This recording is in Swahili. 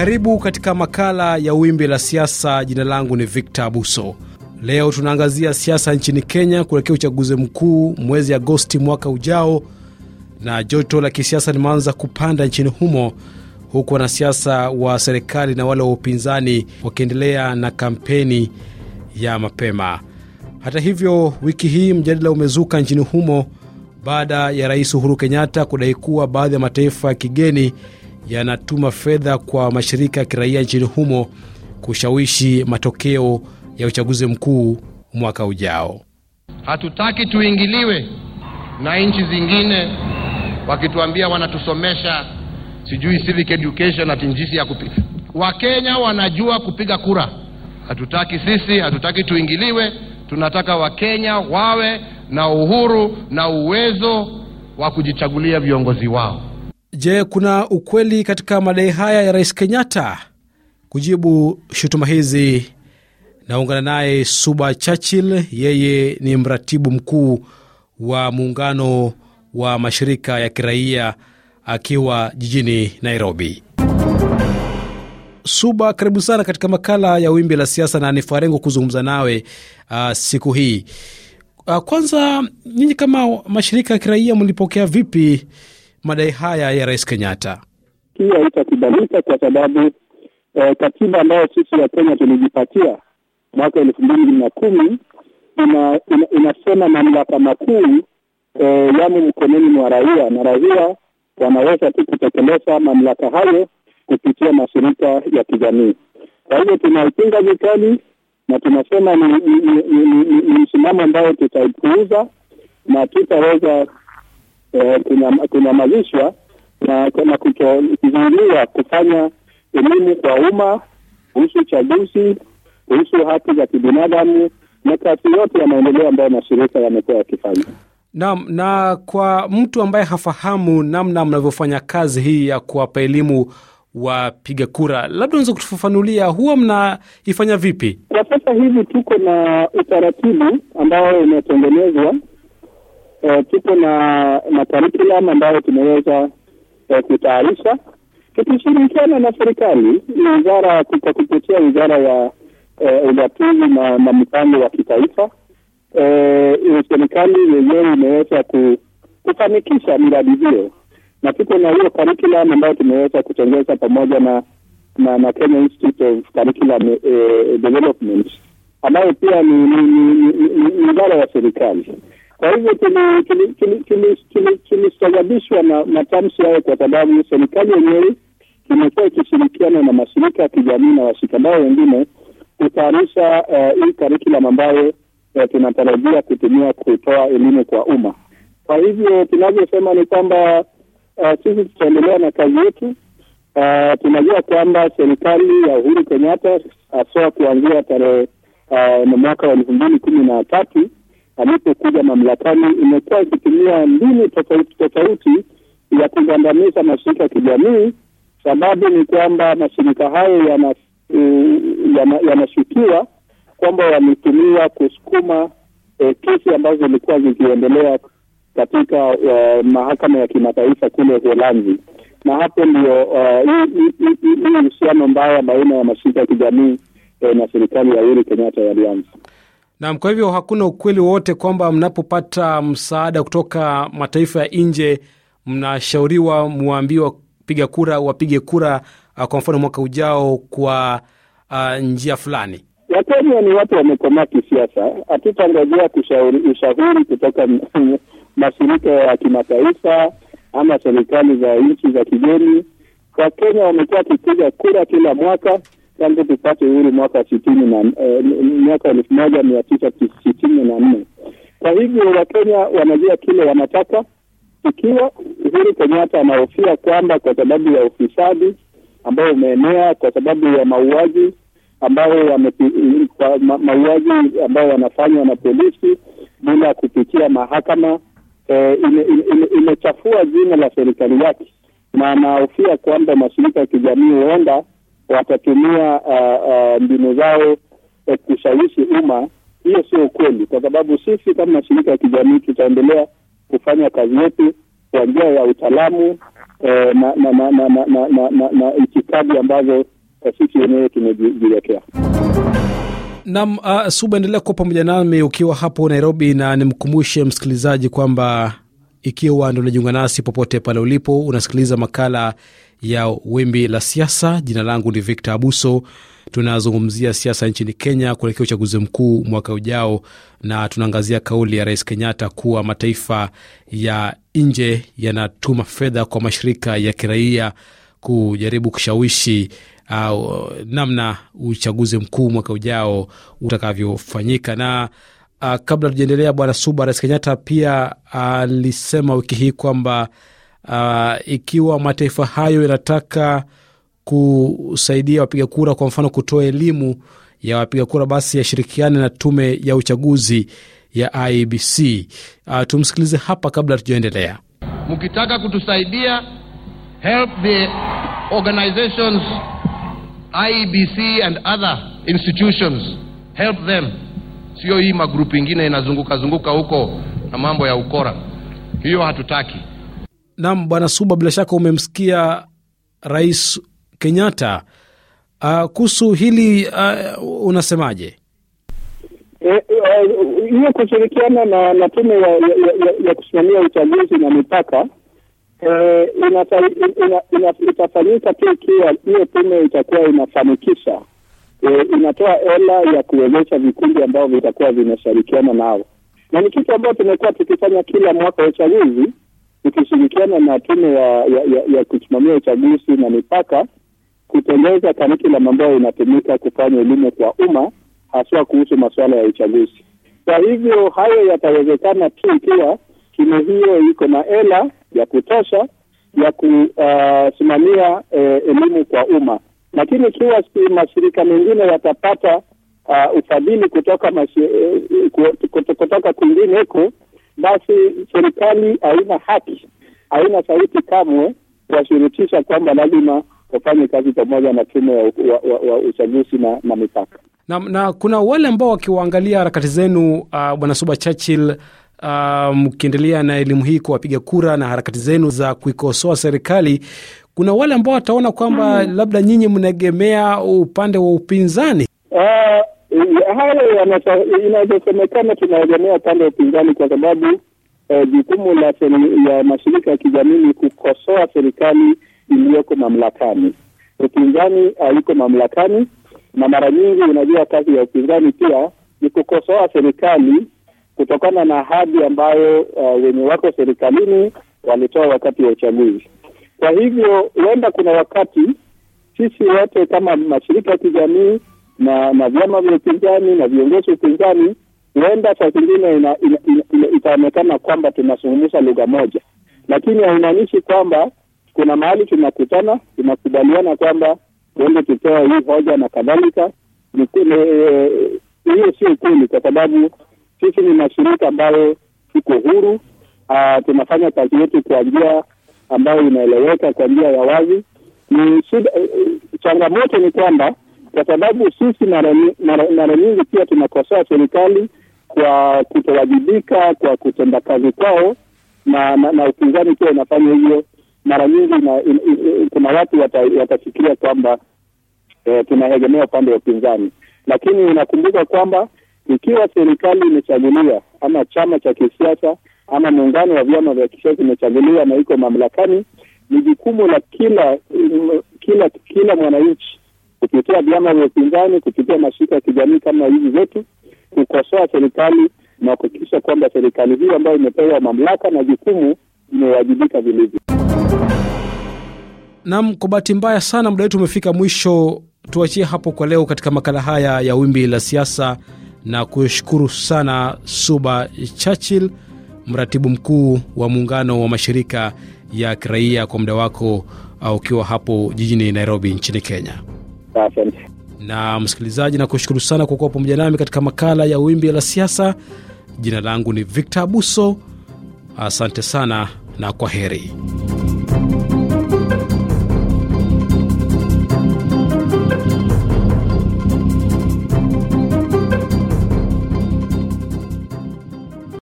Karibu katika makala ya Wimbi la Siasa. Jina langu ni Victor Abuso. Leo tunaangazia siasa nchini Kenya kuelekea uchaguzi mkuu mwezi Agosti mwaka ujao, na joto la kisiasa limeanza kupanda nchini humo, huku wanasiasa wa serikali na wale wa upinzani wakiendelea na kampeni ya mapema. Hata hivyo, wiki hii mjadala umezuka nchini humo baada ya Rais Uhuru Kenyatta kudai kuwa baadhi ya mataifa ya kigeni yanatuma fedha kwa mashirika ya kiraia nchini humo kushawishi matokeo ya uchaguzi mkuu mwaka ujao. Hatutaki tuingiliwe na nchi zingine wakituambia wanatusomesha sijui civic education ati ya kupiga. Wakenya wanajua kupiga kura. Hatutaki sisi, hatutaki tuingiliwe. Tunataka Wakenya wawe na uhuru na uwezo wa kujichagulia viongozi wao. Je, kuna ukweli katika madai haya ya Rais Kenyatta? Kujibu shutuma hizi naungana naye Suba Churchill, yeye ni mratibu mkuu wa muungano wa mashirika ya kiraia akiwa jijini Nairobi. Suba, karibu sana katika makala ya Wimbi la Siasa na ni farengo kuzungumza nawe uh, siku hii. Uh, kwanza nyinyi kama mashirika ya kiraia mlipokea vipi madai haya ya Rais Kenyatta? Hii haitakubalika kwa sababu eh, katiba ambayo sisi wa Kenya tulijipatia mwaka elfu mbili na kumi ina, ina, inasema mamlaka makuu eh, yamo yaani mkononi mwa raia na raia wanaweza tu kutekeleza mamlaka hayo kupitia mashirika ya kijamii. Kwa hivyo tunaipinga vikali na tunasema ni msimamo ambayo tutaipuuza na tutaweza eh, kunyamazishwa na, na kuzuiliwa kufanya elimu kwa umma kuhusu uchaguzi, kuhusu haki za kibinadamu na kasi yote ya maendeleo ambayo mashirika yamekuwa yakifanya. Naam, na kwa mtu ambaye hafahamu namna mnavyofanya kazi hii ya kuwapa elimu wapiga kura, labda unaweza kutufafanulia huwa mnaifanya vipi? Kwa sasa hivi tuko na utaratibu ambao umetengenezwa Eh, tuko na makarikulam ambayo tumeweza eh, kutayarisha tukishirikiana na serikali wizara kwa kupitia wizara ya eh, ugatuzi na, na mpango wa kitaifa e, serikali yenyewe imeweza ku, kufanikisha miradi hiyo, na tuko na hiyo curriculum ambayo tumeweza kutengeza pamoja na na, na Kenya Institute of Curriculum eh, Development ambayo pia ni wizara ya serikali. Kwa hivyo tulistajabishwa na matamshi hayo, kwa sababu serikali yenyewe imekuwa ikishirikiana na mashirika ya kijamii na washikandao wengine kutayarisha eh, hii karikulam ambayo eh, tunatarajia kutumia kutoa elimu kwa umma. Kwa hivyo tunavyosema ni kwamba eh, sisi tutaendelea na kazi yetu. Tunajua kwamba serikali ya Uhuru Kenyatta asoa kuanzia tarehe mwaka wa elfu mbili kumi na tatu alipokuja mamlakani, imekuwa ikitumia mbinu tofauti tofauti ya kugandamiza mashirika ya kijamii. Sababu ni kwamba mashirika hayo eh, yanashukiwa uh, yana, yana kwamba yametumiwa kusukuma eh, kesi ambazo zilikuwa zikiendelea katika uh, mahakama ya kimataifa kule holanzi na hapo ndio eh, hii uhusiano mbaya baina ya mashirika ya kijamii eh, na serikali ya Uhuru Kenyatta yalianza. Naam, kwa hivyo hakuna ukweli wowote kwamba mnapopata msaada kutoka mataifa ya nje mnashauriwa, muambiwa piga kura, wapige kura uh, kwa mfano mwaka ujao kwa uh, njia fulani. Wakenya ni watu wamekomaa kisiasa, hatutangojea ushauri kutoka mashirika ya kimataifa ama serikali za nchi za kigeni. Wakenya wamekuwa wakipiga kura kila mwaka tangu tupate uhuru mwaka sitini na eh, miaka elfu moja mia tisa sitini na nne. Kwa hivyo Wakenya wanajua kile wanataka. Ikiwa Uhuru Kenyatta anahofia kwamba kwa sababu ya ufisadi ambao umeenea, kwa sababu ya mauaji ambayo mauaji ambayo yanafanywa na polisi bila kupitia mahakama e, imechafua jina la serikali yake, na anahofia kwamba mashirika ya kijamii huenda watatumia mbinu uh, uh, zao uh, kushawishi umma, hiyo sio ukweli, kwa sababu sisi kama mashirika ya kijamii tutaendelea kufanya kazi yetu kwa njia ya utaalamu eh, na, na, na, na, na, na, na, na, na itikadi ambazo eh, sisi wenyewe tumejiwekea. Nam uh, Suba, endelea kuwa pamoja nami ukiwa hapo Nairobi, na nimkumbushe msikilizaji kwamba ikiwa ndo unajiunga nasi popote pale ulipo, unasikiliza makala ya wimbi la siasa. Jina langu ni Victor Abuso. Tunazungumzia siasa nchini Kenya kuelekea uchaguzi mkuu mwaka ujao, na tunaangazia kauli ya Rais Kenyatta kuwa mataifa ya nje yanatuma fedha kwa mashirika ya kiraia kujaribu kushawishi uh, namna uchaguzi mkuu mwaka ujao utakavyofanyika na Uh, kabla tujaendelea, Bwana Suba, Rais Kenyatta pia ah, alisema uh, wiki hii kwamba uh, ikiwa mataifa hayo yanataka kusaidia wapiga kura, kwa mfano kutoa elimu ya wapiga kura, basi yashirikiane na tume ya uchaguzi ya IBC. Uh, tumsikilize hapa kabla tujaendelea. Mkitaka kutusaidia, help the organizations IBC and other institutions, help them sio hii magrupu ingine inazunguka zunguka huko na mambo ya ukora, hiyo hatutaki. nam Bwana Suba, bila shaka umemsikia Rais Kenyatta ah, kuhusu hili uh, unasemaje? Eh, eh, hiyo e, e, kushirikiana na, na tume ya, ya, ya, ya kusimamia uchaguzi na mipaka e, itafanyika tu ikiwa hiyo tume itakuwa inafanikisha e, inatoa hela ya kuwezesha vikundi ambavyo vitakuwa vinashirikiana nao, na ni kitu ambayo tumekuwa tukifanya kila mwaka wa uchaguzi tukishirikiana na tume ya, ya, ya, ya kusimamia uchaguzi na mipaka kutengeza curriculum ambayo inatumika kufanya elimu kwa umma haswa kuhusu masuala ya uchaguzi. Kwa hivyo hayo yatawezekana tu ikiwa tume hiyo iko na hela ya kutosha ya kusimamia uh, eh, elimu kwa umma. Lakini ikiwa si mashirika mengine yatapata uh, ufadhili kutoka mashi, uh, kutoka kwingineko, basi serikali haina haki, haina sauti kamwe kuwashurutisha kwamba lazima wafanye kazi pamoja na tume ya wa, wa, wa uchaguzi na, na mipaka na, na kuna wale ambao wakiwaangalia harakati zenu uh, bwana Suba Churchill uh, mkiendelea um, na elimu hii kwa wapiga kura na harakati zenu za kuikosoa serikali kuna wale ambao wataona kwamba hmm, labda nyinyi mnaegemea upande wa upinzani. Uh, ah, hayo inavyosemekana tunaegemea upande wa upinzani kwa sababu eh, jukumu uh, la ya mashirika ya kijamii ni kukosoa serikali iliyoko mamlakani. Upinzani haiko mamlakani, na mara nyingi unajua kazi ya upinzani pia ni kukosoa serikali kutokana na ahadi ambayo uh, wenye wako serikalini walitoa wakati wa uchaguzi. Kwa hivyo huenda kuna wakati sisi wote kama mashirika ya kijamii na na vyama vya upinzani na viongozi wa upinzani, huenda saa zingine itaonekana kwamba tunazungumza lugha moja, lakini haimaanishi kwamba kuna mahali tunakutana, tunakubaliana kwamba tuende tutoa hii hoja na kadhalika. Eh, hiyo sio kweli, kwa sababu sisi ni mashirika ambayo tuko huru, ah, tunafanya kazi yetu kwa njia ambayo inaeleweka kwa njia ya wazi. Ni shida, eh, eh, changamoto ni kwamba kwa sababu sisi mara nyingi pia tunakosoa serikali kwa kutowajibika kwa kutenda kazi kwao, na, na, na upinzani pia unafanya hivyo mara nyingi. Kuna watu watafikiria wata kwamba e, tunaegemea upande wa upinzani, lakini unakumbuka kwamba ikiwa serikali imechaguliwa ama chama cha kisiasa ama muungano wa vyama vya kisiasa imechaguliwa na iko mamlakani, ni jukumu la kila kila kila mwananchi kupitia vyama vya upinzani, kupitia mashirika ya kijamii kama hizi zetu, kukosoa serikali na kuhakikisha kwamba serikali hiyo ambayo imepewa mamlaka na jukumu imewajibika vilivyo. Naam, kwa bahati mbaya sana muda wetu umefika mwisho. Tuachie hapo kwa leo katika makala haya ya Wimbi la Siasa, na kushukuru sana Suba Churchill mratibu mkuu wa muungano wa mashirika ya kiraia kwa muda wako ukiwa hapo jijini Nairobi nchini Kenya. na msikilizaji, nakushukuru sana kwa kuwa pamoja nami katika makala ya wimbi la siasa. Jina langu ni Victor Abuso. Asante sana na kwa heri.